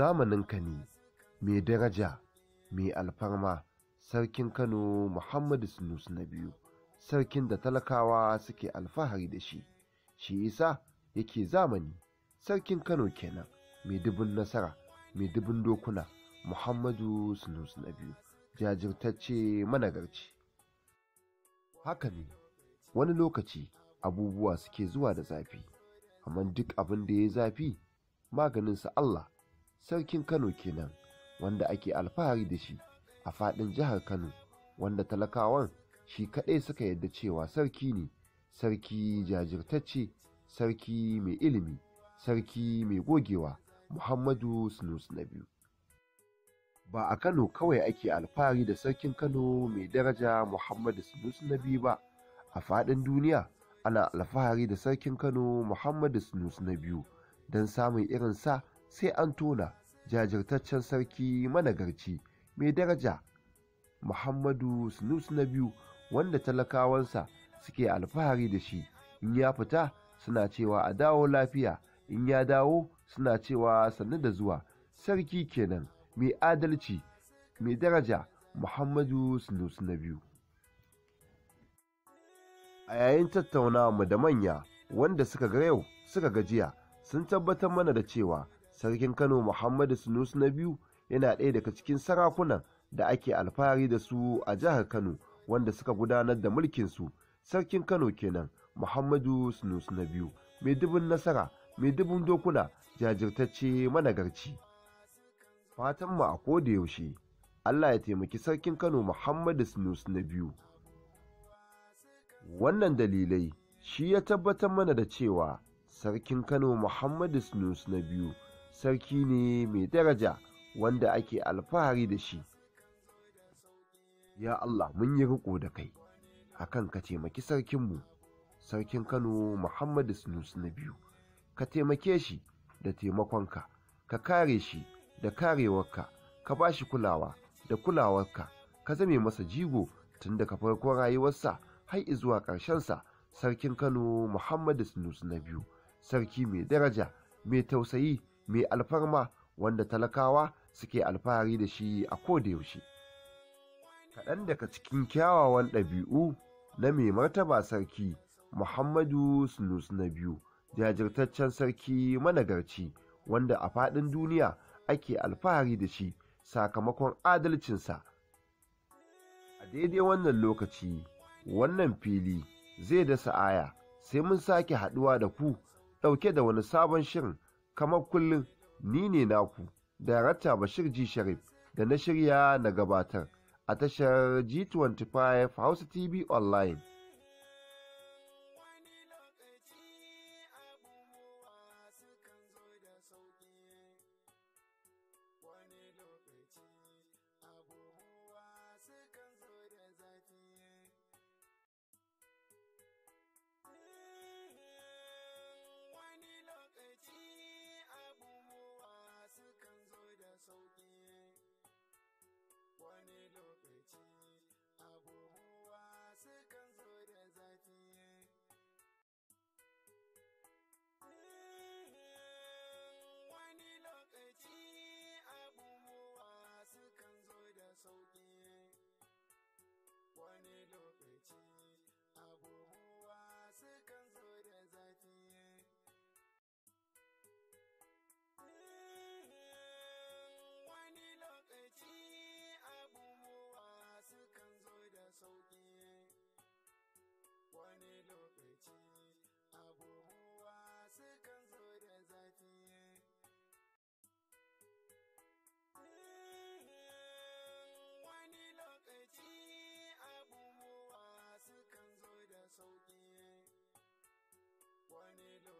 zamaninka ne mai daraja mai alfarma sarkin kano muhammadu sunus na biyu sarkin da talakawa suke alfahari da shi shi isa yake zamani sarkin kano kenan mai dubin nasara mai dubin dokuna muhammadu sunus na biyu jajirtacce managarci haka ne wani lokaci abubuwa suke zuwa da zafi amma duk abin da ya zafi maganinsa allah sarkin Kano kenan wanda ake alfahari da shi a faɗin jihar Kano wanda talakawan shi kaɗai suka yadda cewa sarki ne sarki jajirtacce sarki mai ilimi sarki mai gogewa Muhammadu snus na biyu. Ba a Kano kawai ake alfahari da sarkin Kano mai daraja Muhammadu snus na biyu ba, a faɗin duniya ana alfahari da sarkin Kano Muhammadu snus na biyu don samun irin sa. sai an tona jajirtaccen sarki managarci mai daraja muhammadu sinus na biyu wanda talakawansa suke alfahari da shi in ya fita suna cewa a dawo lafiya in ya dawo suna cewa sannu da zuwa sarki kenan mai adalci mai daraja muhammadu sinus na biyu a yayin tattaunawa da manya wanda suka ga yau suka gajiya sun tabbatar mana da cewa sarkin kano muhammadu sunus na biyu yana ɗaya daga cikin sarakunan da ake alfahari da su a jihar kano wanda suka gudanar da mulkinsu sarkin kano kenan muhammadu sunus na biyu mai dubin nasara mai dubin dokuna jajirtacce managarci fatanmu a ko da yaushe allah ya taimaki sarkin kano muhammadu sunus na biyu wannan dalilai shi ya tabbatar mana da cewa sarkin kano muhammadu sunus na biyu sarki ne mai daraja wanda ake alfahari da shi ya Allah mun yi riko da kai akan ka taimaki sarkinmu sarkin Kano Muhammadu Sinus na biyu ka taimake shi da taimakonka ka kare shi da karewarka ka ba shi kulawa da kulawarka ka zame masa jigo tun ka farko rayuwarsa har zuwa ƙarshensa sarkin Kano Muhammadu Sinus na biyu sarki mai daraja mai tausayi mai alfarma wanda talakawa suke alfahari da shi a yaushe. Kaɗan daga cikin kyawawan ɗabi'u na mai martaba sarki Muhammadu Sunus na biyu, jajirtaccen sarki managarci wanda a faɗin duniya ake alfahari da shi sakamakon adalcinsa. A daidai wannan lokaci, wannan fili zai dasa aya sai mun sake haɗuwa da ku ɗauke da wani sabon shirin. kamar kullum ni ne naku darakta bashir ji sharif da na shirya na gabatar a tashar g25 hausa tv online Wani lokaci se cansó. kan zo da zafi eh, wani lokaci abubuwa sukan zo da sauki wani lokaci